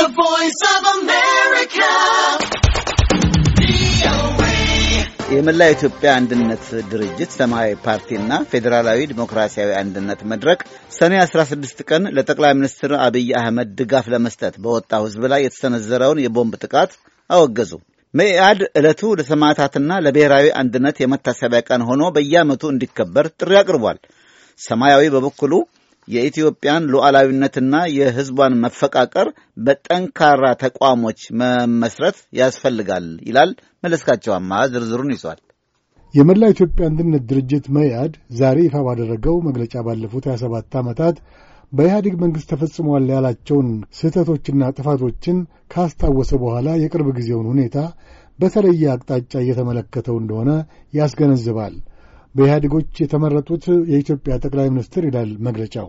The Voice of America. የመላ ኢትዮጵያ አንድነት ድርጅት ሰማያዊ ፓርቲና ፌዴራላዊ ዲሞክራሲያዊ አንድነት መድረክ ሰኔ 16 ቀን ለጠቅላይ ሚኒስትር አብይ አህመድ ድጋፍ ለመስጠት በወጣው ሕዝብ ላይ የተሰነዘረውን የቦምብ ጥቃት አወገዙ። መኢአድ ዕለቱ ለሰማዕታትና ለብሔራዊ አንድነት የመታሰቢያ ቀን ሆኖ በየዓመቱ እንዲከበር ጥሪ አቅርቧል። ሰማያዊ በበኩሉ የኢትዮጵያን ሉዓላዊነትና የሕዝቧን መፈቃቀር በጠንካራ ተቋሞች መመስረት ያስፈልጋል ይላል። መለስካቸው አማ ዝርዝሩን ይዟል። የመላ ኢትዮጵያ አንድነት ድርጅት መያድ ዛሬ ይፋ ባደረገው መግለጫ ባለፉት 27 ዓመታት በኢህአዴግ መንግሥት ተፈጽሟል ያላቸውን ስህተቶችና ጥፋቶችን ካስታወሰ በኋላ የቅርብ ጊዜውን ሁኔታ በተለየ አቅጣጫ እየተመለከተው እንደሆነ ያስገነዝባል። በኢህአዴጎች የተመረጡት የኢትዮጵያ ጠቅላይ ሚኒስትር ይላል መግለጫው።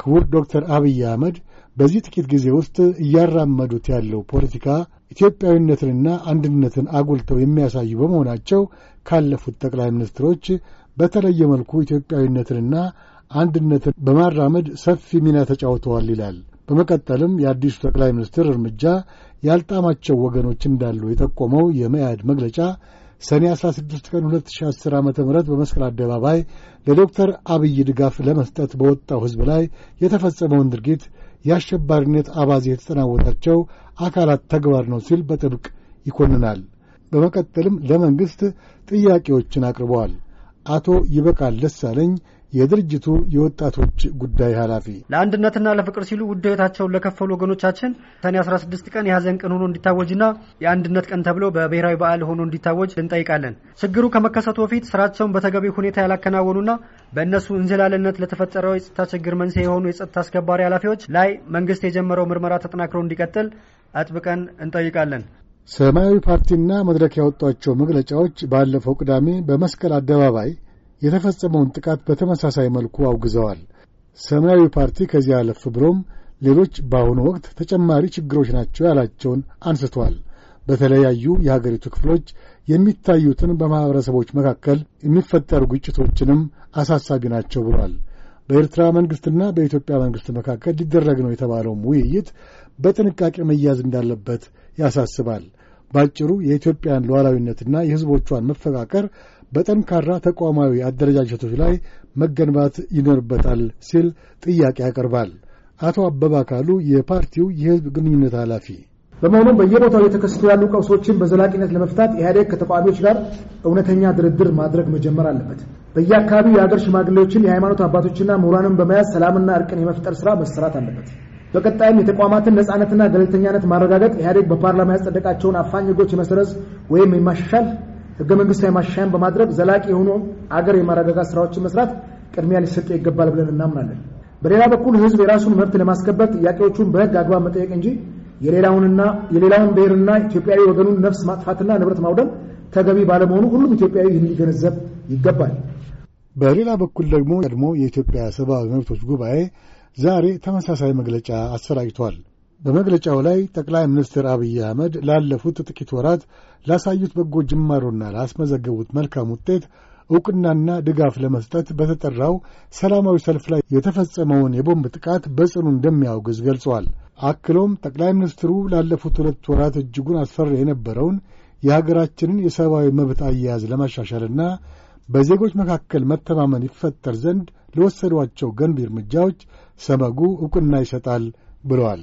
ክቡር ዶክተር አብይ አህመድ በዚህ ጥቂት ጊዜ ውስጥ እያራመዱት ያለው ፖለቲካ ኢትዮጵያዊነትንና አንድነትን አጉልተው የሚያሳዩ በመሆናቸው ካለፉት ጠቅላይ ሚኒስትሮች በተለየ መልኩ ኢትዮጵያዊነትንና አንድነትን በማራመድ ሰፊ ሚና ተጫውተዋል ይላል። በመቀጠልም የአዲሱ ጠቅላይ ሚኒስትር እርምጃ ያልጣማቸው ወገኖች እንዳሉ የጠቆመው የመያድ መግለጫ ሰኔ 16 ቀን 2010 ዓ ም በመስቀል አደባባይ ለዶክተር አብይ ድጋፍ ለመስጠት በወጣው ሕዝብ ላይ የተፈጸመውን ድርጊት የአሸባሪነት አባዜ የተጠናወታቸው አካላት ተግባር ነው ሲል በጥብቅ ይኮንናል። በመቀጠልም ለመንግሥት ጥያቄዎችን አቅርበዋል። አቶ ይበቃል ደሳለኝ የድርጅቱ የወጣቶች ጉዳይ ኃላፊ ለአንድነትና ለፍቅር ሲሉ ውድ ለከፈሉ ወገኖቻችን ሰኔ 16 ቀን የሀዘን ቀን ሆኖ እንዲታወጅና የአንድነት ቀን ተብሎ በብሔራዊ በዓል ሆኖ እንዲታወጅ እንጠይቃለን። ችግሩ ከመከሰቱ በፊት ስራቸውን በተገቢ ሁኔታ ያላከናወኑና በእነሱ እንዝላልነት ለተፈጠረው የጸጥታ ችግር መንስኤ የሆኑ የጸጥታ አስከባሪ ኃላፊዎች ላይ መንግስት የጀመረው ምርመራ ተጠናክሮ እንዲቀጥል አጥብቀን እንጠይቃለን። ሰማያዊ ፓርቲና መድረክ ያወጧቸው መግለጫዎች ባለፈው ቅዳሜ በመስቀል አደባባይ የተፈጸመውን ጥቃት በተመሳሳይ መልኩ አውግዘዋል። ሰማያዊ ፓርቲ ከዚህ አለፍ ብሎም ሌሎች በአሁኑ ወቅት ተጨማሪ ችግሮች ናቸው ያላቸውን አንስቷል። በተለያዩ የሀገሪቱ ክፍሎች የሚታዩትን በማኅበረሰቦች መካከል የሚፈጠሩ ግጭቶችንም አሳሳቢ ናቸው ብሏል። በኤርትራ መንግሥትና በኢትዮጵያ መንግሥት መካከል ሊደረግ ነው የተባለውም ውይይት በጥንቃቄ መያዝ እንዳለበት ያሳስባል። ባጭሩ የኢትዮጵያን ሉዓላዊነትና የሕዝቦቿን መፈቃቀር በጠንካራ ተቋማዊ አደረጃጀቶች ላይ መገንባት ይኖርበታል ሲል ጥያቄ ያቀርባል። አቶ አበባ ካሉ የፓርቲው የህዝብ ግንኙነት ኃላፊ በመሆኑም በየቦታው እየተከሰቱ ያሉ ቀውሶችን በዘላቂነት ለመፍታት ኢህአዴግ ከተቃዋሚዎች ጋር እውነተኛ ድርድር ማድረግ መጀመር አለበት። በየአካባቢው የሀገር ሽማግሌዎችን፣ የሃይማኖት አባቶችና ምሁራንን በመያዝ ሰላምና እርቅን የመፍጠር ስራ መሰራት አለበት። በቀጣይም የተቋማትን ነፃነትና ገለልተኛነት ማረጋገጥ ኢህአዴግ በፓርላማ ያጸደቃቸውን አፋኝ ህጎች የመሰረዝ ወይም የማሻሻል ህገ መንግስታዊ ማሻሻያን በማድረግ ዘላቂ የሆኑ አገር የማረጋጋት ስራዎችን መስራት ቅድሚያ ሊሰጥ ይገባል ብለን እናምናለን። በሌላ በኩል ህዝብ የራሱን መብት ለማስከበር ጥያቄዎቹን በህግ አግባብ መጠየቅ እንጂ የሌላውን ብሔርና ኢትዮጵያዊ ወገኑን ነፍስ ማጥፋትና ንብረት ማውደም ተገቢ ባለመሆኑ ሁሉም ኢትዮጵያዊ ይህን ሊገነዘብ ይገባል። በሌላ በኩል ደግሞ ቀድሞ የኢትዮጵያ ሰብአዊ መብቶች ጉባኤ ዛሬ ተመሳሳይ መግለጫ አሰራጭቷል። በመግለጫው ላይ ጠቅላይ ሚኒስትር አብይ አህመድ ላለፉት ጥቂት ወራት ላሳዩት በጎ ጅማሮና ላስመዘገቡት መልካም ውጤት ዕውቅናና ድጋፍ ለመስጠት በተጠራው ሰላማዊ ሰልፍ ላይ የተፈጸመውን የቦምብ ጥቃት በጽኑ እንደሚያውግዝ ገልጿል። አክሎም ጠቅላይ ሚኒስትሩ ላለፉት ሁለት ወራት እጅጉን አስፈሪ የነበረውን የሀገራችንን የሰብአዊ መብት አያያዝ ለማሻሻልና በዜጎች መካከል መተማመን ይፈጠር ዘንድ ለወሰዷቸው ገንቢ እርምጃዎች ሰመጉ ዕውቅና ይሰጣል ብለዋል።